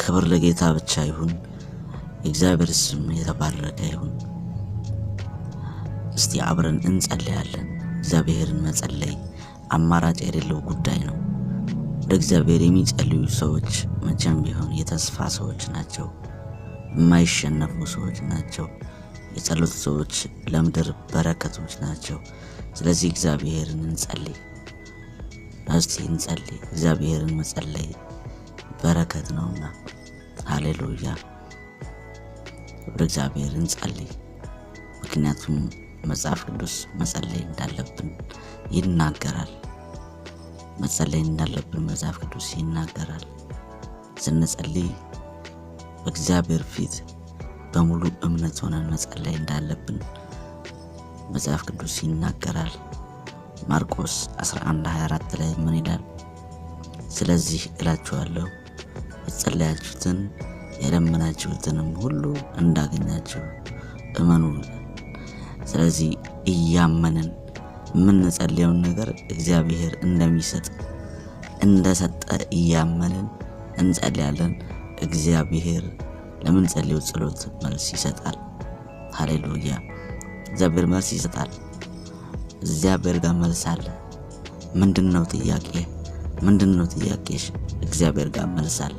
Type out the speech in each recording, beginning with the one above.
ክብር ለጌታ ብቻ ይሁን። የእግዚአብሔር ስም የተባረከ ይሁን። እስቲ አብረን እንጸለያለን። እግዚአብሔርን መጸለይ አማራጭ የሌለው ጉዳይ ነው። ወደ እግዚአብሔር የሚጸልዩ ሰዎች መቼም ቢሆን የተስፋ ሰዎች ናቸው። የማይሸነፉ ሰዎች ናቸው። የጸሎት ሰዎች ለምድር በረከቶች ናቸው። ስለዚህ እግዚአብሔርን እንጸልይ። እስቲ እንጸልይ። እግዚአብሔርን መጸለይ በረከት ነውና፣ ሃሌሉያ። ወደ እግዚአብሔር እንጸልይ። ምክንያቱም መጽሐፍ ቅዱስ መጸለይ እንዳለብን ይናገራል። መጸለይ እንዳለብን መጽሐፍ ቅዱስ ይናገራል። ስንጸልይ በእግዚአብሔር ፊት በሙሉ እምነት ሆነን መጸለይ እንዳለብን መጽሐፍ ቅዱስ ይናገራል። ማርቆስ 11:24 ላይ ምን ይላል? ስለዚህ እላችኋለሁ የጸለያችሁትን የለመናችሁትንም ሁሉ እንዳገኛችሁ እመኑ። ስለዚህ እያመንን የምንጸልየውን ነገር እግዚአብሔር እንደሚሰጥ እንደሰጠ እያመንን እንጸልያለን። እግዚአብሔር ለምንጸልየው ጸሎት መልስ ይሰጣል። ሃሌሉያ! እግዚአብሔር መልስ ይሰጣል። እግዚአብሔር ጋር መልስ አለ። ምንድን ነው ጥያቄ? ምንድን ነው ጥያቄሽ? እግዚአብሔር ጋር መልስ አለ።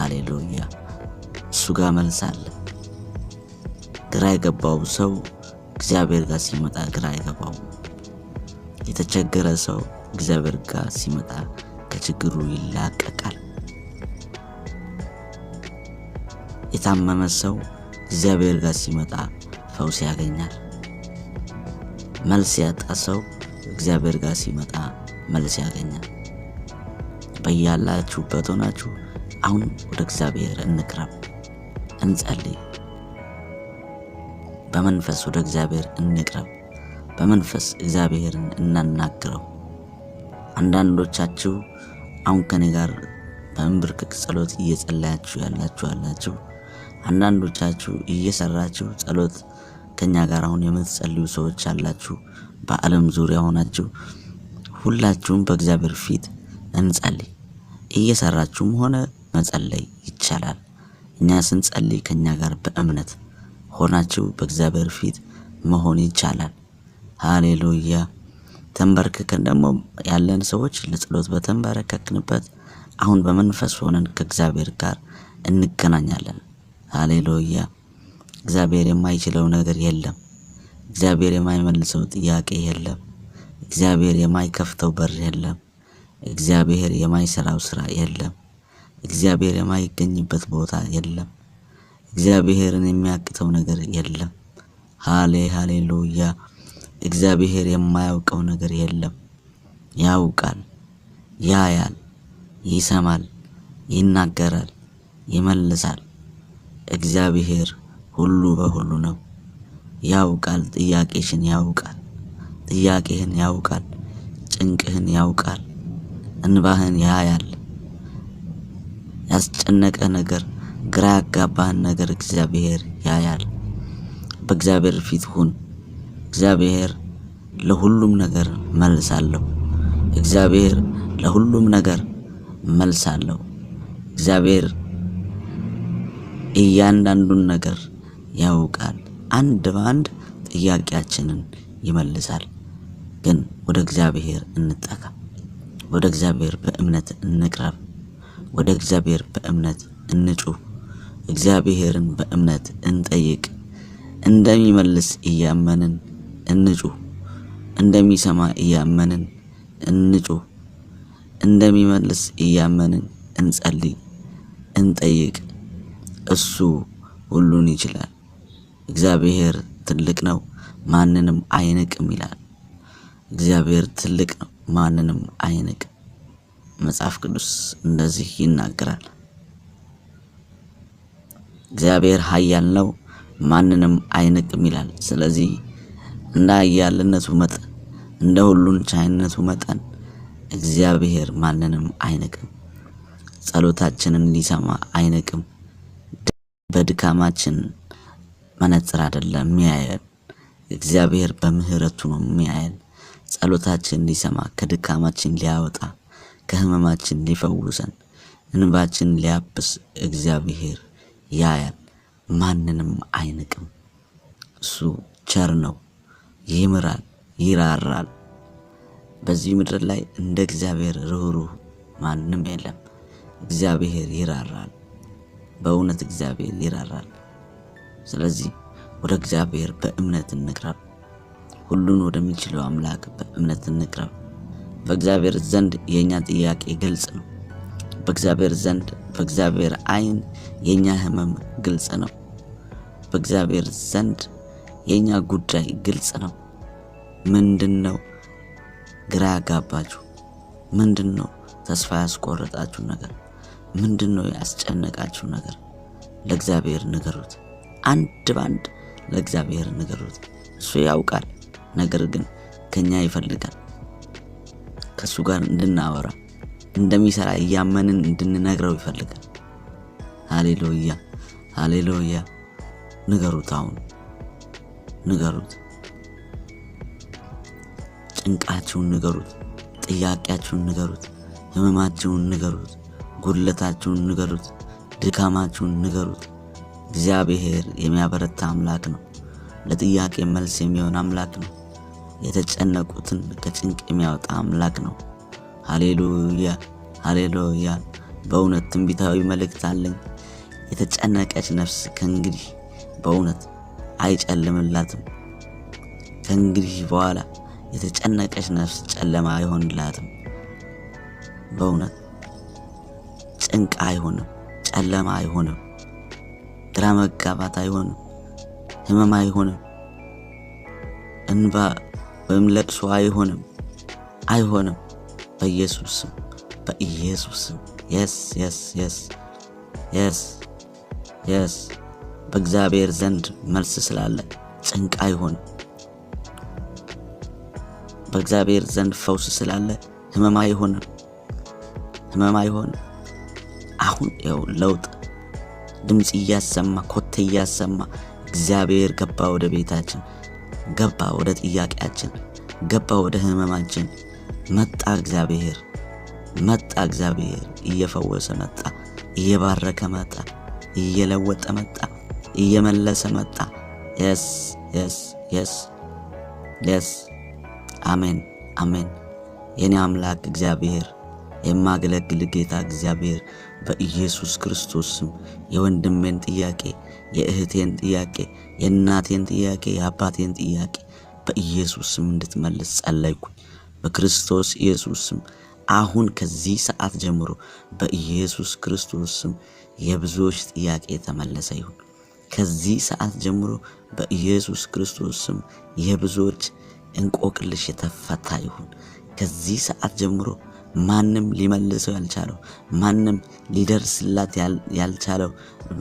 ሃሌሉያ! እሱ ጋር መልስ አለ። ግራ የገባው ሰው እግዚአብሔር ጋር ሲመጣ ግራ የገባው የተቸገረ ሰው እግዚአብሔር ጋር ሲመጣ ከችግሩ ይላቀቃል። የታመመ ሰው እግዚአብሔር ጋር ሲመጣ ፈውስ ያገኛል። መልስ ያጣ ሰው እግዚአብሔር ጋር ሲመጣ መልስ ያገኛል። በያላችሁበት ሆናችሁ አሁን ወደ እግዚአብሔር እንቅረብ፣ እንጸልይ። በመንፈስ ወደ እግዚአብሔር እንቅረብ፣ በመንፈስ እግዚአብሔርን እናናግረው። አንዳንዶቻችሁ አሁን ከኔ ጋር በእንብርክክ ጸሎት እየጸለያችሁ ያላችሁ አላችሁ አንዳንዶቻችሁ እየሰራችሁ ጸሎት ከኛ ጋር አሁን የምትጸልዩ ሰዎች አላችሁ። በዓለም ዙሪያ ሆናችሁ ሁላችሁም በእግዚአብሔር ፊት እንጸልይ። እየሰራችሁም ሆነ መጸለይ ይቻላል። እኛ ስንጸልይ ከኛ ጋር በእምነት ሆናችሁ በእግዚአብሔር ፊት መሆን ይቻላል። ሃሌሉያ። ተንበርክከን ደግሞ ያለን ሰዎች ለጸሎት በተንበረከክንበት አሁን በመንፈስ ሆነን ከእግዚአብሔር ጋር እንገናኛለን። ሃሌሉያ። እግዚአብሔር የማይችለው ነገር የለም። እግዚአብሔር የማይመልሰው ጥያቄ የለም። እግዚአብሔር የማይከፍተው በር የለም። እግዚአብሔር የማይሰራው ስራ የለም። እግዚአብሔር የማይገኝበት ቦታ የለም። እግዚአብሔርን የሚያቅተው ነገር የለም። ሃሌ ሃሌሉያ። እግዚአብሔር የማያውቀው ነገር የለም። ያውቃል፣ ያያል፣ ይሰማል፣ ይናገራል፣ ይመልሳል። እግዚአብሔር ሁሉ በሁሉ ነው። ያውቃል፣ ጥያቄሽን ያውቃል፣ ጥያቄህን ያውቃል፣ ጭንቅህን ያውቃል፣ እንባህን ያያል። ያስጨነቀ ነገር፣ ግራ ያጋባህን ነገር እግዚአብሔር ያያል። በእግዚአብሔር ፊት ሁን። እግዚአብሔር ለሁሉም ነገር መልስ አለው። እግዚአብሔር ለሁሉም ነገር መልስ አለው። እግዚአብሔር እያንዳንዱን ነገር ያውቃል። አንድ በአንድ ጥያቄያችንን ይመልሳል። ግን ወደ እግዚአብሔር እንጠጋ። ወደ እግዚአብሔር በእምነት እንቅረብ። ወደ እግዚአብሔር በእምነት እንጩህ። እግዚአብሔርን በእምነት እንጠይቅ። እንደሚመልስ እያመንን እንጩህ። እንደሚሰማ እያመንን እንጩህ። እንደሚመልስ እያመንን እንጸልይ፣ እንጠይቅ። እሱ ሁሉን ይችላል። እግዚአብሔር ትልቅ ነው፣ ማንንም አይንቅም ይላል። እግዚአብሔር ትልቅ ነው፣ ማንንም አይንቅም። መጽሐፍ ቅዱስ እንደዚህ ይናገራል። እግዚአብሔር ኃያል ነው፣ ማንንም አይንቅም ይላል። ስለዚህ እንደ ኃያልነቱ መጠን እንደ ሁሉን ቻይነቱ መጠን እግዚአብሔር ማንንም አይንቅም። ጸሎታችንን ሊሰማ አይንቅም። በድካማችን መነጽር አይደለም የሚያየን እግዚአብሔር በምህረቱ ነው የሚያየን። ጸሎታችን ሊሰማ ከድካማችን ሊያወጣ ከህመማችን ሊፈውሰን እንባችን ሊያብስ እግዚአብሔር ያያል። ማንንም አይንቅም። እሱ ቸር ነው፣ ይምራል፣ ይራራል። በዚህ ምድር ላይ እንደ እግዚአብሔር ርኅሩህ ማንም የለም። እግዚአብሔር ይራራል። በእውነት እግዚአብሔር ይራራል። ስለዚህ ወደ እግዚአብሔር በእምነት እንቅረብ። ሁሉን ወደሚችለው አምላክ በእምነት እንቅረብ። በእግዚአብሔር ዘንድ የእኛ ጥያቄ ግልጽ ነው። በእግዚአብሔር ዘንድ በእግዚአብሔር ዓይን የእኛ ህመም ግልጽ ነው። በእግዚአብሔር ዘንድ የእኛ ጉዳይ ግልጽ ነው። ምንድን ነው ግራ ያጋባችሁ? ምንድን ነው ተስፋ ያስቆረጣችሁ ነገር? ምንድን ነው ያስጨነቃችሁ ነገር? ለእግዚአብሔር ንገሩት። አንድ በአንድ ለእግዚአብሔር ንገሩት። እሱ ያውቃል፣ ነገር ግን ከኛ ይፈልጋል ከእሱ ጋር እንድናወራ እንደሚሰራ እያመንን እንድንነግረው ይፈልጋል። ሃሌሉያ ሃሌሉያ። ንገሩት፣ አሁን ንገሩት፣ ጭንቃችሁን ንገሩት፣ ጥያቄያችሁን ንገሩት፣ ህመማችሁን ንገሩት። ጉድለታችሁን ንገሩት፣ ድካማችሁን ንገሩት። እግዚአብሔር የሚያበረታ አምላክ ነው። ለጥያቄ መልስ የሚሆን አምላክ ነው። የተጨነቁትን ከጭንቅ የሚያወጣ አምላክ ነው። ሃሌሉያ ሃሌሉያ። በእውነት ትንቢታዊ መልእክት አለኝ። የተጨነቀች ነፍስ ከእንግዲህ በእውነት አይጨልምላትም። ከእንግዲህ በኋላ የተጨነቀች ነፍስ ጨለማ አይሆንላትም በእውነት ጭንቅ አይሆንም፣ ጨለማ አይሆንም፣ ግራ መጋባት አይሆንም፣ ህመም አይሆንም፣ እንባ ወይም ለቅሶ አይሆንም፣ አይሆንም። በኢየሱስ ስም የስ የስ የስ የስ የስ በእግዚአብሔር ዘንድ መልስ ስላለ ጭንቅ አይሆንም። በእግዚአብሔር ዘንድ ፈውስ ስላለ ህመም አይሆንም፣ ህመም አይሆንም። አሁን ያው ለውጥ ድምፅ እያሰማ ኮቴ እያሰማ እግዚአብሔር ገባ ወደ ቤታችን፣ ገባ ወደ ጥያቄያችን፣ ገባ ወደ ህመማችን። መጣ እግዚአብሔር መጣ እግዚአብሔር እየፈወሰ መጣ፣ እየባረከ መጣ፣ እየለወጠ መጣ፣ እየመለሰ መጣ። የስ የስ የስ አሜን አሜን። የኔ አምላክ እግዚአብሔር የማገለግል ጌታ እግዚአብሔር በኢየሱስ ክርስቶስ ስም የወንድሜን ጥያቄ፣ የእህቴን ጥያቄ፣ የእናቴን ጥያቄ፣ የአባቴን ጥያቄ በኢየሱስ ስም እንድትመልስ ጸለይኩኝ። በክርስቶስ ኢየሱስ ስም አሁን ከዚህ ሰዓት ጀምሮ በኢየሱስ ክርስቶስ ስም የብዙዎች ጥያቄ የተመለሰ ይሁን። ከዚህ ሰዓት ጀምሮ በኢየሱስ ክርስቶስ ስም የብዙዎች እንቆቅልሽ የተፈታ ይሁን። ከዚህ ሰዓት ጀምሮ ማንም ሊመልሰው ያልቻለው ማንም ሊደርስላት ያልቻለው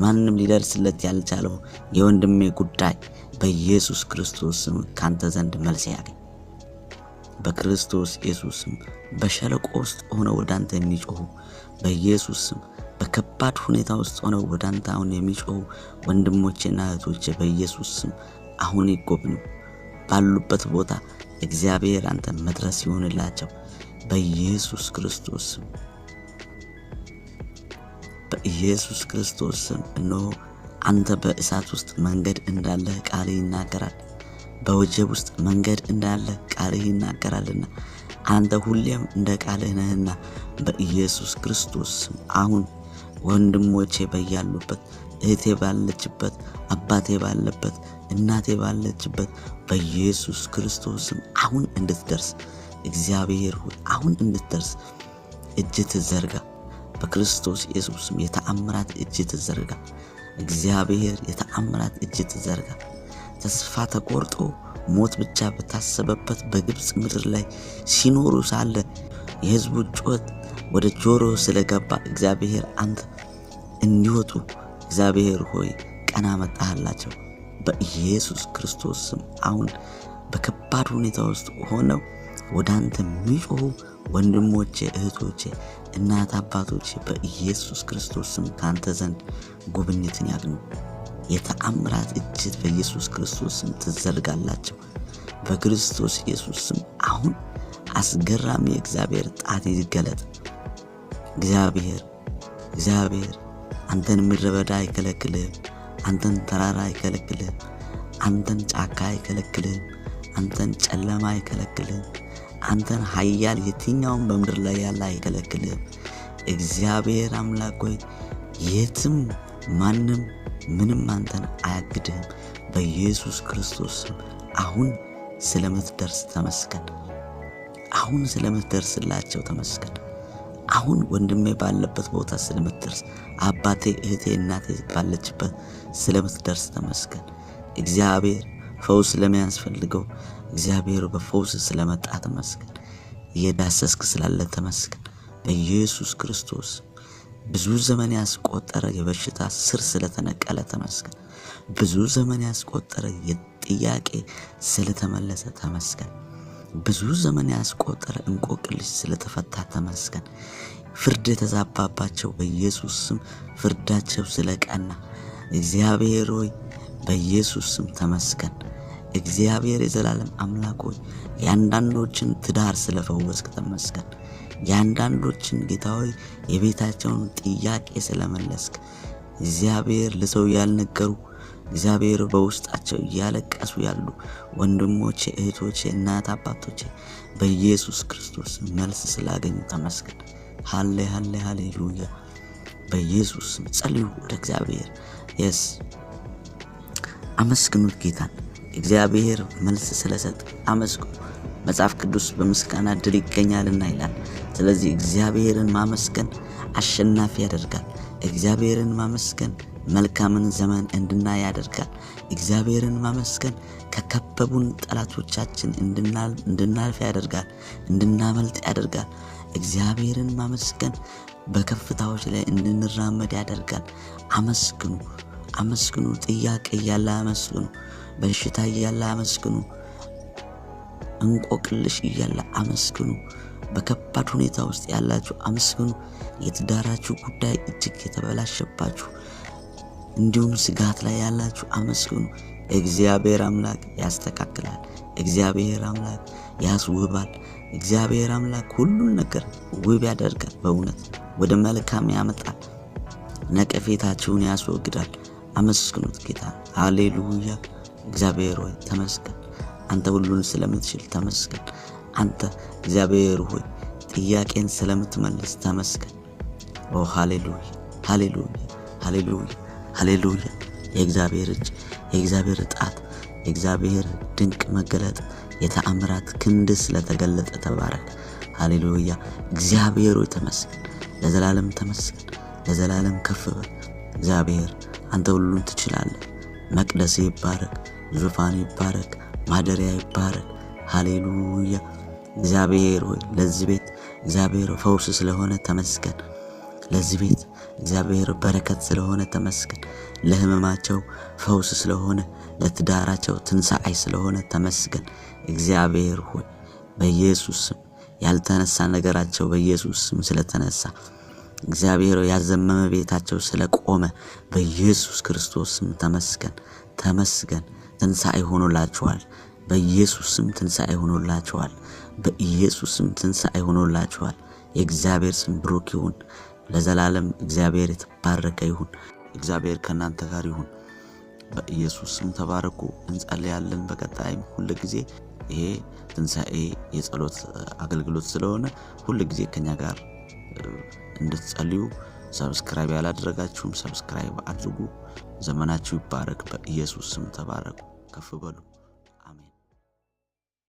ማንም ሊደርስለት ያልቻለው የወንድሜ ጉዳይ በኢየሱስ ክርስቶስ ስም ካንተ ዘንድ መልስ ያገኝ። በክርስቶስ ኢየሱስም በሸለቆ ውስጥ ሆነው ወደ አንተ የሚጮሁ በኢየሱስም በከባድ ሁኔታ ውስጥ ሆነው ወደ አንተ አሁን የሚጮሁ ወንድሞቼና እህቶቼ በኢየሱስ ስም አሁን ይጎብኙ። ባሉበት ቦታ እግዚአብሔር አንተ መድረስ ይሆንላቸው። በኢየሱስ ክርስቶስ ስም በኢየሱስ ክርስቶስ ስም እነሆ አንተ በእሳት ውስጥ መንገድ እንዳለህ ቃልህ ይናገራል። በወጀብ ውስጥ መንገድ እንዳለህ ቃልህ ይናገራልና አንተ ሁሌም እንደ ቃልህ ነህና በኢየሱስ ክርስቶስ ስም አሁን ወንድሞቼ በያሉበት እህቴ ባለችበት አባቴ ባለበት እናቴ ባለችበት በኢየሱስ ክርስቶስም አሁን እንድትደርስ እግዚአብሔር ሆይ አሁን እንድትደርስ እጅ ትዘርጋ። በክርስቶስ ኢየሱስም የተአምራት እጅ ትዘርጋ። እግዚአብሔር የተአምራት እጅ ትዘርጋ። ተስፋ ተቆርጦ ሞት ብቻ በታሰበበት በግብፅ ምድር ላይ ሲኖሩ ሳለ የህዝቡ ጩኸት ወደ ጆሮ ስለገባ እግዚአብሔር አንተ እንዲወጡ እግዚአብሔር ሆይ ቀና መጣህላቸው። በኢየሱስ ክርስቶስ ስም አሁን በከባድ ሁኔታ ውስጥ ሆነው ወደ አንተ የሚጮሁ ወንድሞቼ፣ እህቶቼ፣ እናት አባቶቼ በኢየሱስ ክርስቶስ ስም ከአንተ ዘንድ ጉብኝትን ያግኙ። የተአምራት እጅት በኢየሱስ ክርስቶስ ስም ትዘርጋላቸው። በክርስቶስ ኢየሱስ ስም አሁን አስገራሚ የእግዚአብሔር ጣት ይገለጥ። እግዚአብሔር እግዚአብሔር አንተን ምድረበዳ በዳ አይከለክልህም። አንተን ተራራ አይከለክልህም። አንተን ጫካ አይከለክልህም። አንተን ጨለማ አይከለክልህም። አንተን ሀያል የትኛውን በምድር ላይ ያለ አይከለክልህም እግዚአብሔር አምላክ ሆይ የትም ማንም ምንም አንተን አያግድህም። በኢየሱስ ክርስቶስ አሁን ስለምትደርስ ተመስገን። አሁን ስለምትደርስላቸው ተመስገን። አሁን ወንድሜ ባለበት ቦታ ስለምትደርስ፣ አባቴ እህቴ፣ እናቴ ባለችበት ስለምትደርስ ተመስገን። እግዚአብሔር ፈውስ ለሚያስፈልገው እግዚአብሔር በፈውስ ስለመጣ ተመስገን። እየዳሰስክ ስላለ ተመስገን። በኢየሱስ ክርስቶስ ብዙ ዘመን ያስቆጠረ የበሽታ ስር ስለተነቀለ ተመስገን። ብዙ ዘመን ያስቆጠረ የጥያቄ ስለተመለሰ ተመስገን። ብዙ ዘመን ያስቆጠረ እንቆቅልሽ ስለተፈታ ተመስገን። ፍርድ የተዛባባቸው በኢየሱስ ስም ፍርዳቸው ስለቀና እግዚአብሔር ሆይ በኢየሱስ ስም ተመስገን። እግዚአብሔር የዘላለም አምላክ ሆይ የአንዳንዶችን ትዳር ስለፈወስክ ተመስገን። የአንዳንዶችን ጌታ ሆይ የቤታቸውን ጥያቄ ስለመለስክ እግዚአብሔር ለሰው ያልነገሩ እግዚአብሔር በውስጣቸው እያለቀሱ ያሉ ወንድሞቼ፣ እህቶቼ፣ እናት አባቶቼ በኢየሱስ ክርስቶስ መልስ ስላገኙ ተመስገን። ሃሌ ሃሌ ሃሌሉያ። በኢየሱስ ጸልዩ ወደ እግዚአብሔር የስ አመስግኑት ጌታን። እግዚአብሔር መልስ ስለሰጥ አመስግኑ፣ መጽሐፍ ቅዱስ በምስጋና ድል ይገኛልና ይላል። ስለዚህ እግዚአብሔርን ማመስገን አሸናፊ ያደርጋል። እግዚአብሔርን ማመስገን መልካምን ዘመን እንድናይ ያደርጋል። እግዚአብሔርን ማመስገን ከከበቡን ጠላቶቻችን እንድናልፍ ያደርጋል፣ እንድናመልጥ ያደርጋል። እግዚአብሔርን ማመስገን በከፍታዎች ላይ እንድንራመድ ያደርጋል። አመስግኑ አመስግኑ። ጥያቄ ያለ አመስግኑ። በሽታ እያለ አመስግኑ። እንቆቅልሽ እያለ አመስግኑ። በከባድ ሁኔታ ውስጥ ያላችሁ አመስግኑ። የትዳራችሁ ጉዳይ እጅግ የተበላሸባችሁ እንዲሁም ስጋት ላይ ያላችሁ አመስግኑ። እግዚአብሔር አምላክ ያስተካክላል። እግዚአብሔር አምላክ ያስውባል። እግዚአብሔር አምላክ ሁሉን ነገር ውብ ያደርጋል። በእውነት ወደ መልካም ያመጣል። ነቀፌታችሁን ያስወግዳል። አመስግኑት ጌታ። ሃሌሉያ እግዚአብሔር ሆይ ተመስገን። አንተ ሁሉን ስለምትችል ተመስገን። አንተ እግዚአብሔር ሆይ ጥያቄን ስለምትመልስ ተመስገን። ኦ ሃሌሉያ፣ ሃሌሉያ፣ ሃሌሉያ፣ ሃሌሉያ። የእግዚአብሔር እጅ፣ የእግዚአብሔር ጣት፣ የእግዚአብሔር ድንቅ መገለጥ፣ የተአምራት ክንድ ስለተገለጠ ተባረክ። ሃሌሉያ። እግዚአብሔር ሆይ ተመስገን፣ ለዘላለም ተመስገን፣ ለዘላለም ከፍበ እግዚአብሔር አንተ ሁሉን ትችላለህ። መቅደስ ይባረክ። ዙፋን ይባረክ፣ ማደሪያ ይባረክ። ሃሌሉያ። እግዚአብሔር ሆይ ለዚህ ቤት እግዚአብሔር ፈውስ ስለሆነ ተመስገን። ለዚህ ቤት እግዚአብሔር በረከት ስለሆነ ተመስገን። ለህመማቸው ፈውስ ስለሆነ፣ ለትዳራቸው ትንሣኤ ስለሆነ ተመስገን። እግዚአብሔር ሆይ በኢየሱስ ስም ያልተነሳ ነገራቸው በኢየሱስ ስም ስለተነሳ፣ እግዚአብሔር ያዘመመ ቤታቸው ስለቆመ በኢየሱስ ክርስቶስ ስም ተመስገን፣ ተመስገን። ትንሣኤ ሆኖላችኋል። በኢየሱስም ትንሣኤ ሆኖላችኋል። በኢየሱስም ትንሣኤ ሆኖላችኋል። የእግዚአብሔር ስም ብሩክ ይሁን ለዘላለም። እግዚአብሔር የተባረከ ይሁን። እግዚአብሔር ከእናንተ ጋር ይሁን። በኢየሱስም ተባረኩ። እንጸልያለን። በቀጣይም ሁል ጊዜ ይሄ ትንሣኤ የጸሎት አገልግሎት ስለሆነ ሁል ጊዜ ከኛ ጋር እንድትጸልዩ ሰብስክራይብ ያላደረጋችሁም ሰብስክራይብ አድርጉ። ዘመናችሁ ይባረክ። በኢየሱስ ስም ተባረኩ። ከፍ በሉ።